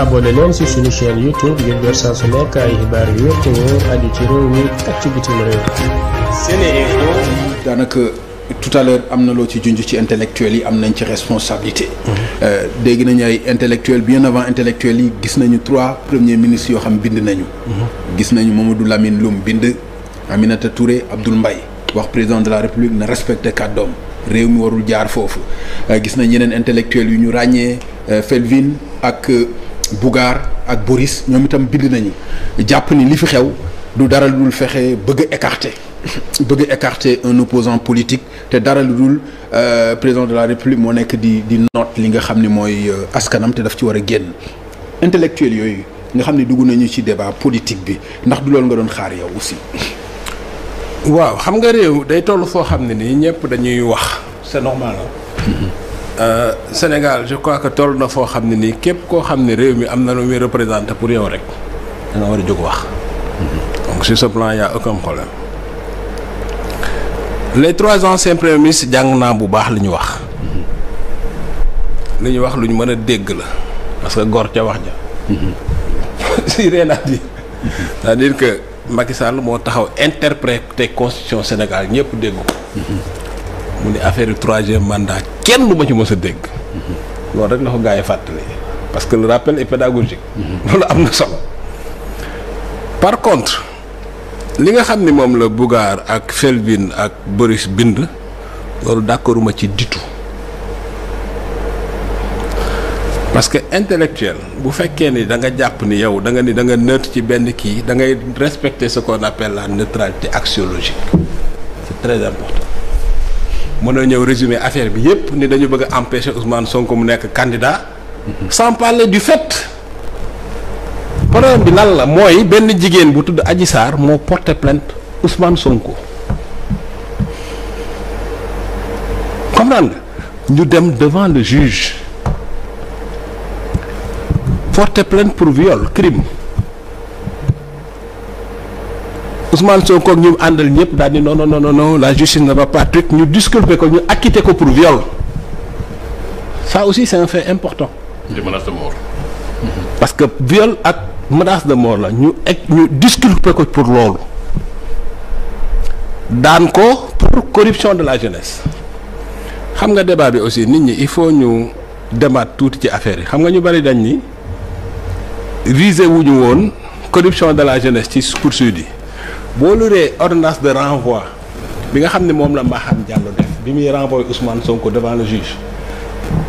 abonné leen ci suñu chaîne YouTube daanaka tout à am na loo ci junj ci intellectuels yi am nañ ci responsabilité. Mm-hmm. Euh, dégg nañu ay intellectuels bien avant intellectuels yi gis nañu trois premiers ministres yoo xam bind nañu. Mm-hmm. gis nañu Mamadou Lamine Loum bind Aminata Touré Abdoul Mbaye wax président de la République na respecté kàddoom réew mi warul jaar foofu euh, gis nañ yeneen intellectuels yu ñu ràññee euh, Felvin ak. Bougar ak Boris ñoom itam bind nañu jàpp ni li fi xew du dara lu fexe bëgg écarté écarter bëgg a écarter un opposant politique te dara lu dul euh, président de la république moo nekk di di note li nga xam ne mooy euh, askanam te daf ci war a génn intellectuel yooyu nga xam ne dugg nañu ci débat politique bi ndax du loolu nga doon xaar yow aussi. waaw xam nga réew day toll foo xam ne nii ñëpp dañuy wax. c'est normal. Euh, Sénégal je crois que toll na foo xam ne nii képp koo xam ne réew mi am na lu muy représenté pour yow rek da war a jóg wax mm-hmm. donc sur plan y a aucun problème les trois anciens premiers ministres jàng naa bu baax li ñu wax mm-hmm. li ñu wax lu ñu mën a dégg la parce que gor ca wax ja mm-hmm. si rien à dire c'est-à-dire que Macky Sall moo taxaw interprété constitution Sénégal ñëpp dégg ko mu ne affaire troisième mandat kenn du ma ci mos a dégg loolu rek na ko gars yi fàttali parce que le rappel est pédagogique loolu am na solo par contre li nga xam ni moom la Bougard ak Felwine ak bëris bind loolu d'accorduma ci ditu parce que intellectuel bu fekkee ni da nga jàpp ni yow da nga ni da nga neutre ci benn kii da ngay respecter ce qu'on appelle la neutralité axiologique c'est très important mën na ñëw résumer affaire bi yépp ni dañu bëgg a empêcher Ousmane Sonko mu nekk candidat. sans parler du fait. problème bi lan la mooy benn jigéen bu tudd Adji Sarr moo porté plainte Ousmane Sonko. comprendre nga ñu dem devant le juge. porté plainte pour viol crime. Ousmane Sonko ak ñu àndal ñëpp daal di non non non non la justice ne va pas truc ñu disculper ko ñu acquitter ko pour viol ça aussi c'est un fait important. de menace parce que viol ak menace de mort la ñu egg ñu disculper ko pour loolu daan ko pour corruption de la jeunesse xam nga débat bi aussi nit ñi il faut ñu demaat tuuti ci affaire yi xam nga ñu bari dañ ni viser wu ñu woon corruption de la jeunesse ci pour yi. boo luree ordonnance de renvoi bi nga xam ne moom la Maham Diallo def bi muy renvoyé Ousmane Sonko devant le juge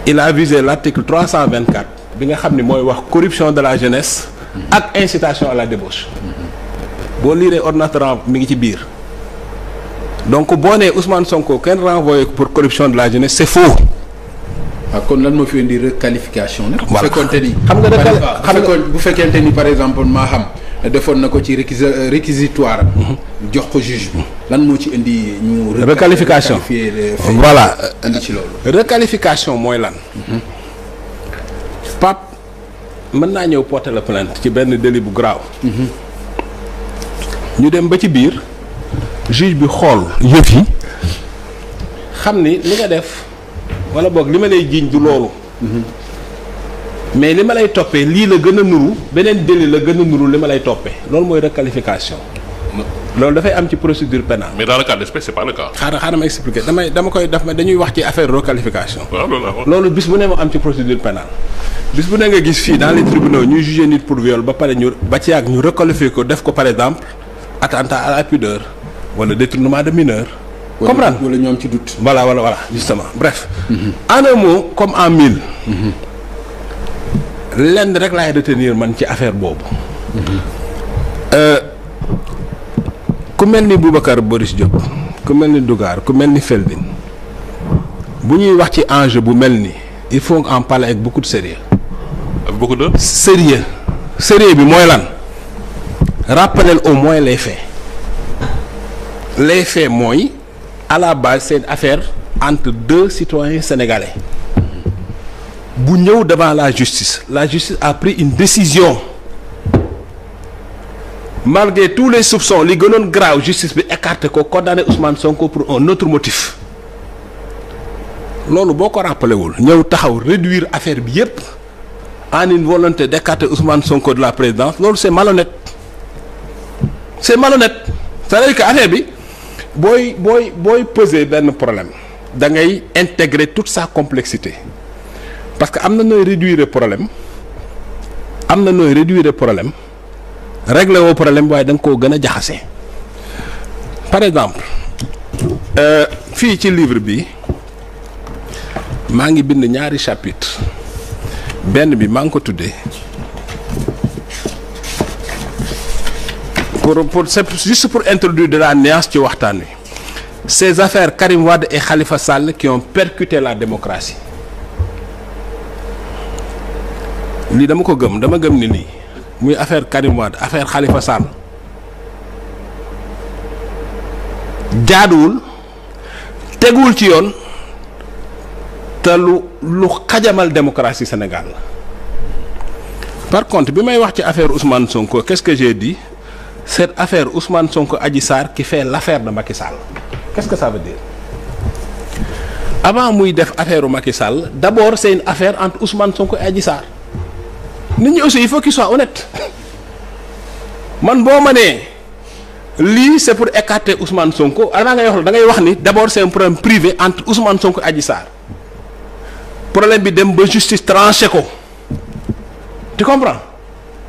il a visé l'article 324 bi nga xam ne mooy wax corruption de la jeunesse ak incitation à la débauche boo liiree ordonnance de renvoi mi ngi ci biir donc boo nee Ousmane Sonko kenn renvoyé pour corruption de la jeunesse c'est faux. waaw ah, kon lan moo fi indi requalification nag. bu fekkoonte ni. xam bu fekkoonte ni par exemple maa xam. defoon na ko ci réquisi euh, réquisitoire mhm. jox ko juge bi lan moo ci indi ñu. requalification voilà ci loolu. requalification mooy lan. Mhm. Pape mën naa ñëw porter la plainte ci benn délit bu grave. Mhm. ñu dem ba ci biir juge bi xool yëf yi xam ni li nga def wala boog li ma lay jiiñ du loolu. mais li ma lay toppee lii la gën a nuru beneen délit la gën a nuru li ma lay toppee loolu mooy requalification. loolu dafay am ci procédure pénale. mais dans le cas d'espèce c'est pas le cas. xaaral xaaral ma expliquer damay dama koy daf ma dañuy wax ci affaire requalification. loolu bis bu ne moo am ci procédure pénale bis bu ne nga gis fii dans les tribunaux ñuy juger nit pour viol ba pare ñu ba ci yàgg ñu requalifier ko def ko par exemple attentat à la pudeur wala détournement de mineur. comprendre wala ñoom ci doute. voilà voilà voilà justement bref. Mhm. en un mot comme en mille. Mhm. lenn rek laay retenir man ci affaire boobu euh, ku mel ni Boubacar Boris Diop ku mel ni Dougar ku mel ni Felwine bu ñuy wax ci enjeu bu mel ni il faut en parler avec beaucoup de sérieux sérieux sérieux bi mooy lan rappelel au moins lay faits les faits mooy à seen base affaire entre deux citoyens sénégalais bu ñëw devant la justice la justice a pris une décision malgré tous les soupçons li gënoon grave justice bi écarté ko condamné Ousmane Sonko pour un autre motif loolu boo ko rappelé wul ñëw taxaw réduire affaire bi yépp en une volonté d'écarter Ousmane Sonko de la présidence loolu c'est malhonnête c'est malhonnête c'est-à-dire que affaire bi booy booy booy peser benn problème da ngay intégrer toute sa complexité. parce que am na nooy réduire problème am na nooy réduire problème régler woo problème waaye da nga koo gën a jaxase par exemple euh, fii ci livre bi maa ngi bind ñaari chapitre benn bi maa ngi ko tuddee pour pour c'est juste pour introduire de la nuance ci waxtaan wi ces affaires Karim Wade et Khalifa Sall qui ont percuté la démocratie lii dama ko gëm dama gëm ni lii muy affaire Karim Wade affaire Khalifa jaaduwul teguwul ci yoon te lu lu xajamal démocratie Sénégal par contre bi may wax ci affaire Ousmane Sonko qu'est-ce que j'ai dit cette affaire Ousmane Sonko Adji Sarr qui fait l'affaire de Macky Sall quest muy def affaire Macky Sall d'abord c'est une affaire entre Ousmane Sonko et nit ñi aussi il faut qu'ils soient honnêtes man boo ma nee lii c'est pour écarter Ousmane Sonko avant ngay wax da ngay wax ni d'abord c'est un problème privé entre Ousmane Sonko Adji Sarr problème bi dem ba justice tranché ko tu comprends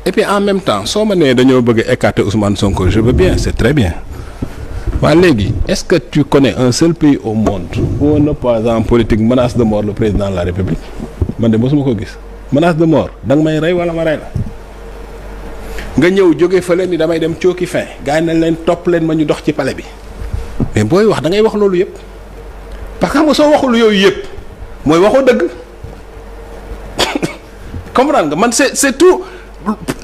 et puis en même temps soo ma nee dañoo bëgg a écarter Ousmane Sonko je veux bien c'est très bien waa léegi est-ce que tu connais un seul pays au monde où un politique menace de mort le président la République man de mosuma ko gis. menace de mort da nga may rey walla ma rey la nga ñëw jóge fële ni damay dem cooki fin gars yi nañ leen topp leen ma ñu dox ci pale bi mais booy wax da ngay wax loolu yëpp parce que xam soo waxul yooyu yëpp mooy waxoo dëgg comprendre nga man c'est c'est tout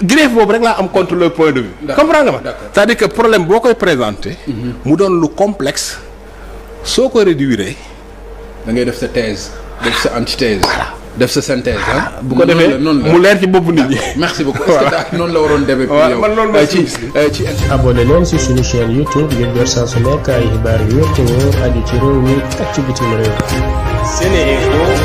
greffe boobu rek laa am contre le point de vue. comprendre nga ma cest à que problème boo koy présenté. Mhm. mu doon lu complexe soo ko réduire. da ngay def sa thèse def sa antithèse. def sa synthèse ah, ah. bu ko defee mu leer ci boppu nit ñi. merci beaucoup est noonu la waroon demee. waaw man loolu euh, ci euh, ci. abonné leen si suñu chaîne YouTube ngir jot saa su nekk ay xibaar yu wér te wóor aju ci réew mi ak ci bitim réew.